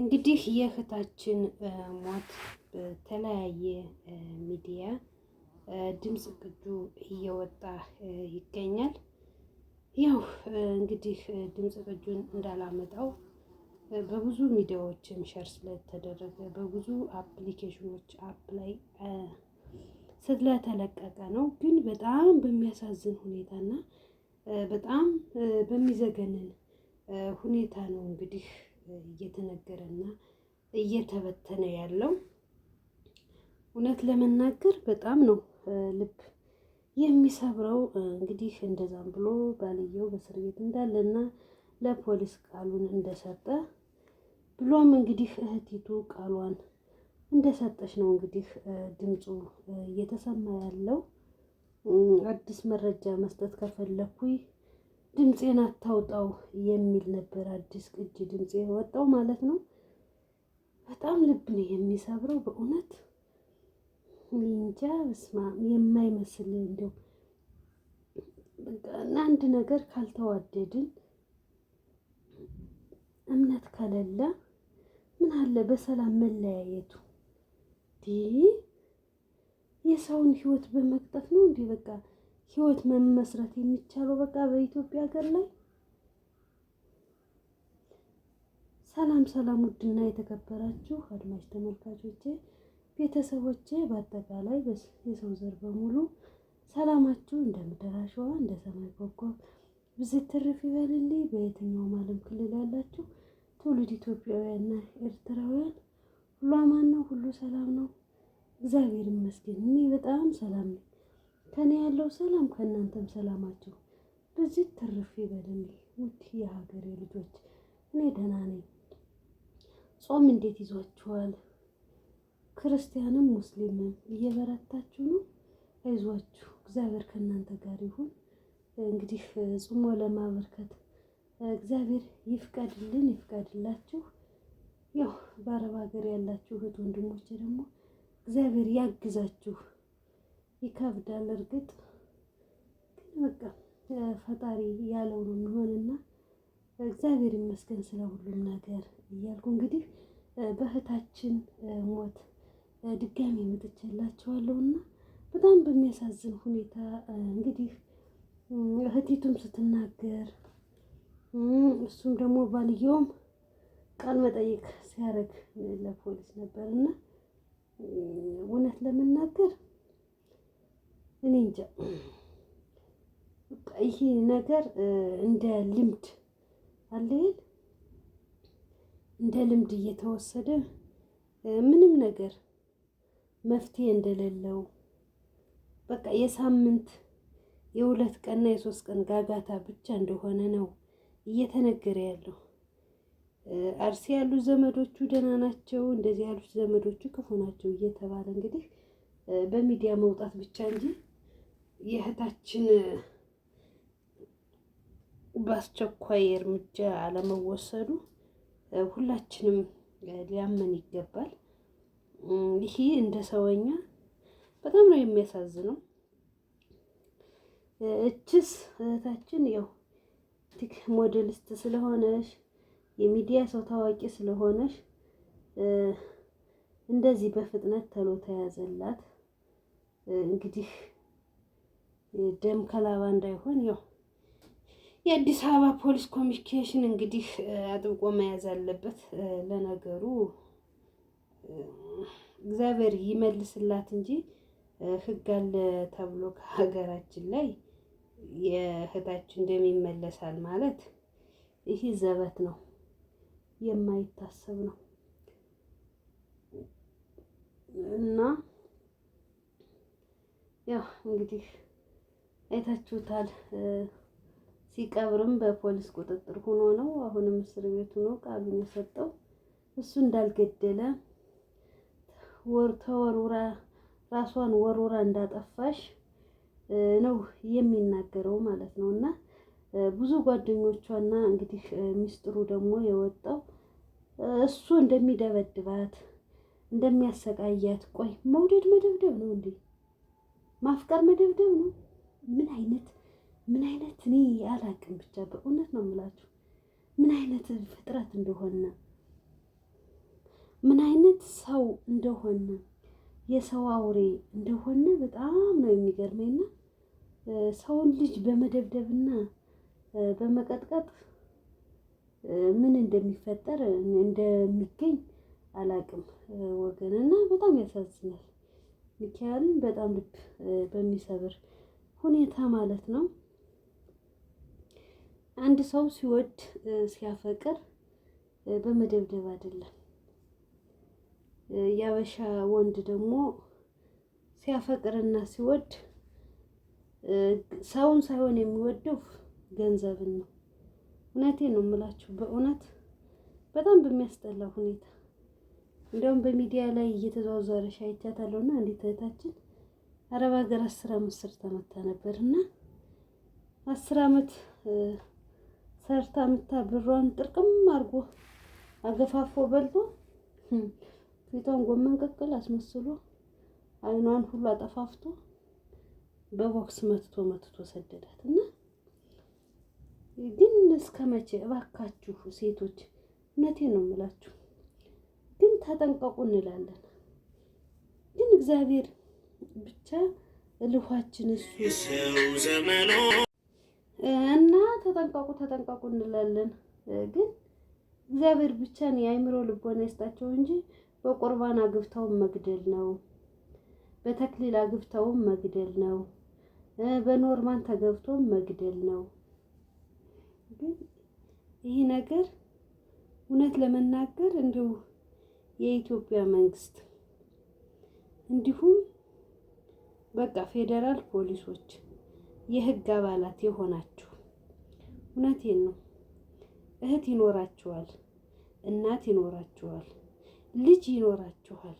እንግዲህ የእህታችን ሞት በተለያየ ሚዲያ ድምፅ ቅጁ እየወጣ ይገኛል። ያው እንግዲህ ድምፅ ቅጁን እንዳላመጣው በብዙ ሚዲያዎችን ሸር ስለተደረገ በብዙ አፕሊኬሽኖች ላይ ስለተለቀቀ ነው። ግን በጣም በሚያሳዝን ሁኔታና በጣም በሚዘገንን ሁኔታ ነው እንግዲህ እየተነገረና እየተበተነ ያለው። እውነት ለመናገር በጣም ነው ልብ የሚሰብረው። እንግዲህ እንደዛም ብሎ ባልየው በእስር ቤት እንዳለና ለፖሊስ ቃሉን እንደሰጠ ብሎም እንግዲህ እህቲቱ ቃሏን እንደሰጠች ነው እንግዲህ ድምፁ እየተሰማ ያለው። አዲስ መረጃ መስጠት ከፈለኩኝ ድምፄን አታውጣው የሚል ነበር አዲስ ቅጅ ድምፄ ወጣው ማለት ነው። በጣም ልብ ነው የሚሰብረው በእውነት እንጃ በስማ የማይመስል እንደው አንድ ነገር ካልተዋደድን እምነት ከሌለ ምን አለ በሰላም መለያየቱ? የሰውን ህይወት በመቅጠፍ ነው እንዲህ በቃ ህይወት መመስረት የሚቻለው በቃ በኢትዮጵያ ሀገር ላይ። ሰላም ሰላም፣ ውድና የተከበራችሁ አድማጭ ተመልካቾቼ፣ ቤተሰቦቼ፣ በአጠቃላይ የሰው ዘር በሙሉ ሰላማችሁ እንደ ምድር አሸዋ እንደ ሰማይ ኮከብ ብዝት ትርፍ ይበልልኝ። በየትኛውም ዓለም ክልል ያላችሁ ትውልድ ኢትዮጵያውያንና ኤርትራውያን ሁሉ አማን ነው፣ ሁሉ ሰላም ነው። እግዚአብሔር ይመስገን እኔ በጣም ሰላም ከኔ ያለው ሰላም ከእናንተም ሰላማችሁ በዚህ ትርፍ ይበልኝ። ውድ የሀገሬ ልጆች እኔ ደህና ነኝ። ጾም እንዴት ይዟችኋል? ክርስቲያንም ሙስሊምም እየበረታችሁ ነው። አይዟችሁ፣ እግዚአብሔር ከእናንተ ጋር ይሁን። እንግዲህ ጾሞ ለማበርከት እግዚአብሔር ይፍቀድልን፣ ይፍቀድላችሁ። ያው በአረብ ሀገር ያላችሁ እህት ወንድሞች ደግሞ እግዚአብሔር ያግዛችሁ። ይከብዳል። እርግጥ ግን በቃ ፈጣሪ ያለው ነው የሚሆንና እግዚአብሔር ይመስገን ስለ ሁሉም ነገር እያልኩ እንግዲህ በእህታችን ሞት ድጋሚ እና በጣም በሚያሳዝን ሁኔታ እንግዲህ እህቲቱም ስትናገር እሱም ደግሞ ባልየውም ቃል መጠይቅ ሲያደርግ ለፖሊስ ነበር እና እውነት ለመናገር እኔ እንጃ ይሄ ነገር እንደ ልምድ አለል እንደ ልምድ እየተወሰደ ምንም ነገር መፍትሄ እንደሌለው በቃ የሳምንት የሁለት ቀንና የሶስት ቀን ጋጋታ ብቻ እንደሆነ ነው እየተነገረ ያለው። አርሲ ያሉ ዘመዶቹ ደህና ናቸው፣ እንደዚህ ያሉት ዘመዶቹ ክፉ ናቸው እየተባለ እንግዲህ በሚዲያ መውጣት ብቻ እንጂ የእህታችን በአስቸኳይ እርምጃ አለመወሰዱ ሁላችንም ሊያመን ይገባል። ይሄ እንደ ሰውኛ በጣም ነው የሚያሳዝነው። እችስ እህታችን ያው ቲክ ሞዴልስት ስለሆነሽ የሚዲያ ሰው ታዋቂ ስለሆነሽ እንደዚህ በፍጥነት ተሎ ተያዘላት እንግዲህ ደም ከላባ እንዳይሆን ያው የአዲስ አበባ ፖሊስ ኮሚኒኬሽን እንግዲህ አጥብቆ መያዝ አለበት። ለነገሩ እግዚአብሔር ይመልስላት እንጂ ሕግ አለ ተብሎ ከሀገራችን ላይ የእህታችን ደም ይመለሳል ማለት ይህ ዘበት ነው፣ የማይታሰብ ነው እና ያው እንግዲህ አይታችሁታል። ሲቀብርም በፖሊስ ቁጥጥር ሆኖ ነው። አሁንም እስር ቤት ሆኖ ቃሉን የሰጠው እሱ እንዳልገደለ ወር ተወርውራ ራሷን ወርውራ እንዳጠፋሽ ነው የሚናገረው ማለት ነው። እና ብዙ ጓደኞቿና እንግዲህ ሚስጥሩ ደግሞ የወጣው እሱ እንደሚደበድባት እንደሚያሰቃያት። ቆይ መውደድ መደብደብ ነው እንዴ? ማፍቀር መደብደብ ነው? ምን አይነት ምን አይነት እኔ አላቅም ብቻ በእውነት ነው የምላችሁ ምን አይነት ፍጥረት እንደሆነ ምን አይነት ሰው እንደሆነ የሰው አውሬ እንደሆነ በጣም ነው የሚገርመኝና ሰውን ልጅ በመደብደብና በመቀጥቀጥ ምን እንደሚፈጠር እንደሚገኝ አላቅም ወገንና በጣም ያሳዝናል። ሚካኤልን በጣም ልብ በሚሰብር ሁኔታ ማለት ነው። አንድ ሰው ሲወድ ሲያፈቅር በመደብደብ አይደለም። ያበሻ ወንድ ደግሞ ሲያፈቅርና ሲወድ ሰውን ሳይሆን የሚወደው ገንዘብን ነው። እውነቴ ነው የምላችሁ፣ በእውነት በጣም በሚያስጠላ ሁኔታ እንዲያውም በሚዲያ ላይ እየተዘዋወረች አይቻታለሁና እንዴት እህታችን አረብ ሀገር አስር አመት ሰርታ መታ ነበር እና አስር አመት ሰርታ መታ ብሯን ጥርቅም አድርጎ አገፋፎ በልቶ ፊቷን ጎመን ቀቅል አስመስሎ አይኗን ሁሉ አጠፋፍቶ በቦክስ መትቶ መትቶ ሰደዳት እና ግን እስከ መቼ እባካችሁ ሴቶች እውነቴ ነው የምላችሁ ግን ተጠንቀቁ እንላለን ግን እግዚአብሔር ብቻ ልኋችን እሱ እና ተጠንቀቁ ተጠንቀቁ እንላለን። ግን እግዚአብሔር ብቻ ነው የአይምሮ ልቦና ይስጣቸው እንጂ በቁርባን አግብተውን መግደል ነው። በተክሊል አግብተውን መግደል ነው። በኖርማን ተገብቶም መግደል ነው። ግን ይህ ነገር እውነት ለመናገር እንዲሁ የኢትዮጵያ መንግስት እንዲሁም በቃ ፌዴራል ፖሊሶች የህግ አባላት የሆናችሁ እውነቴን ነው። እህት ይኖራችኋል፣ እናት ይኖራችኋል፣ ልጅ ይኖራችኋል፣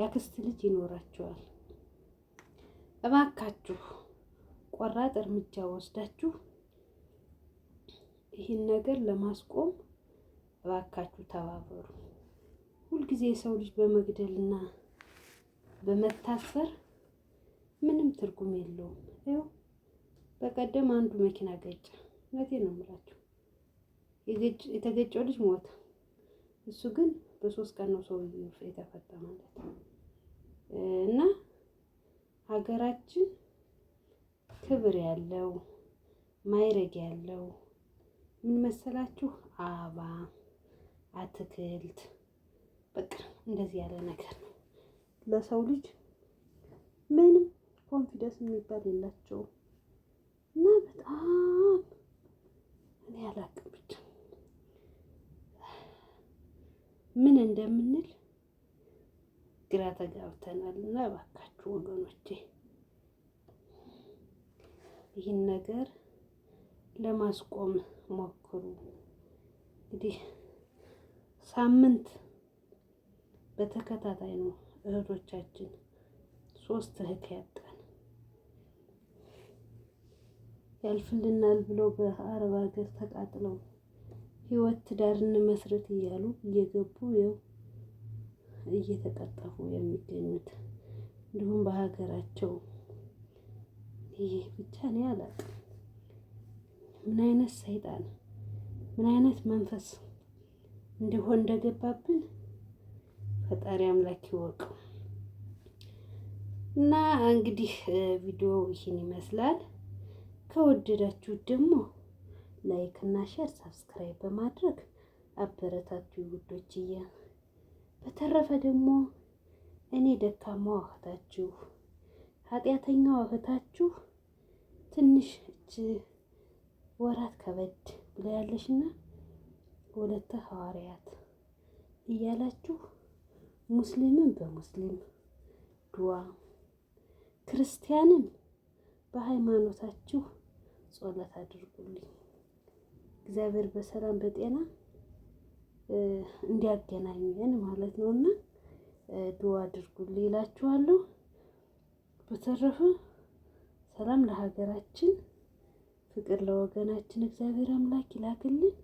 ያክስት ልጅ ይኖራችኋል። እባካችሁ ቆራጥ እርምጃ ወስዳችሁ ይህን ነገር ለማስቆም እባካችሁ ተባበሩ። ሁልጊዜ የሰው ልጅ በመግደልና በመታሰር ምንም ትርጉም የለውም። ይኸው በቀደም አንዱ መኪና ገጨ። እውነቴን ነው የምላችሁ። የተገጨው ልጅ ሞተ። እሱ ግን በሶስት ቀን ነው ሰውዬው የተፈታ ማለት ነው። እና ሀገራችን ክብር ያለው ማይረግ ያለው ምን መሰላችሁ? አበባ፣ አትክልት በቃ እንደዚህ ያለ ነገር ነው ለሰው ልጅ ምንም ኮንፊደንስ የሚባል የላቸውም። እና በጣም እኔ አላቅም ብቻ ምን እንደምንል ግራ ተጋብተናል። እና እባካችሁ ወገኖቼ ይህን ነገር ለማስቆም ሞክሩ። እንግዲህ ሳምንት በተከታታይ ነው እህቶቻችን ሶስት እህት ያጣ ያልፍልናል ብለው በአረብ ሀገር ተቃጥለው ህይወት ትዳር እንመስረት እያሉ እየገቡ እየተቀጠፉ የሚገኙት እንዲሁም በሀገራቸው ይሄ ብቻ እኔ አላውቅም። ምን አይነት ሰይጣን ምን አይነት መንፈስ እንዲሆን እንደገባብን ፈጣሪ አምላክ ይወቀው። እና እንግዲህ ቪዲዮ ይህን ይመስላል። ከወደዳችሁ ደግሞ ላይክ እና ሼር ሳብስክራይብ በማድረግ አበረታቱ ውዶችዬ። በተረፈ ደግሞ እኔ ደካማው እህታችሁ ኃጢአተኛዋ እህታችሁ ትንሽ እች ወራት ከበድ ብላለሽና ሁለተ ሐዋርያት እያላችሁ ሙስሊምን በሙስሊም ዱዋ ክርስቲያንን በሃይማኖታችሁ ጸሎት አድርጉልኝ። እግዚአብሔር በሰላም በጤና እንዲያገናኘን ማለት ነው እና አድርጉልኝ ይላችኋለሁ። በተረፈ ሰላም ለሀገራችን፣ ፍቅር ለወገናችን እግዚአብሔር አምላክ ይላክልን።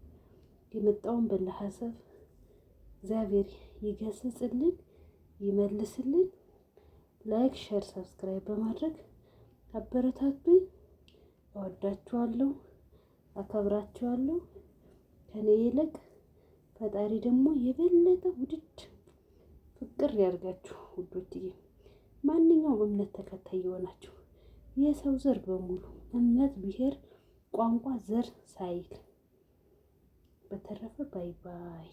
የመጣውን በለሀሰብ እግዚአብሔር ይገስጽልን፣ ይመልስልን። ላይክ፣ ሸር፣ ሰብስክራይብ በማድረግ አበረታቱኝ። እወዳችኋለሁ፣ አከብራችኋለሁ። ከኔ ይልቅ ፈጣሪ ደግሞ የበለጠ ውድድ ፍቅር ያድርጋችሁ ውዶችዬ። ማንኛውም እምነት ተከታይ የሆናችሁ የሰው ዘር በሙሉ እምነት፣ ብሔር፣ ቋንቋ፣ ዘር ሳይል በተረፈ ባይ ባይ።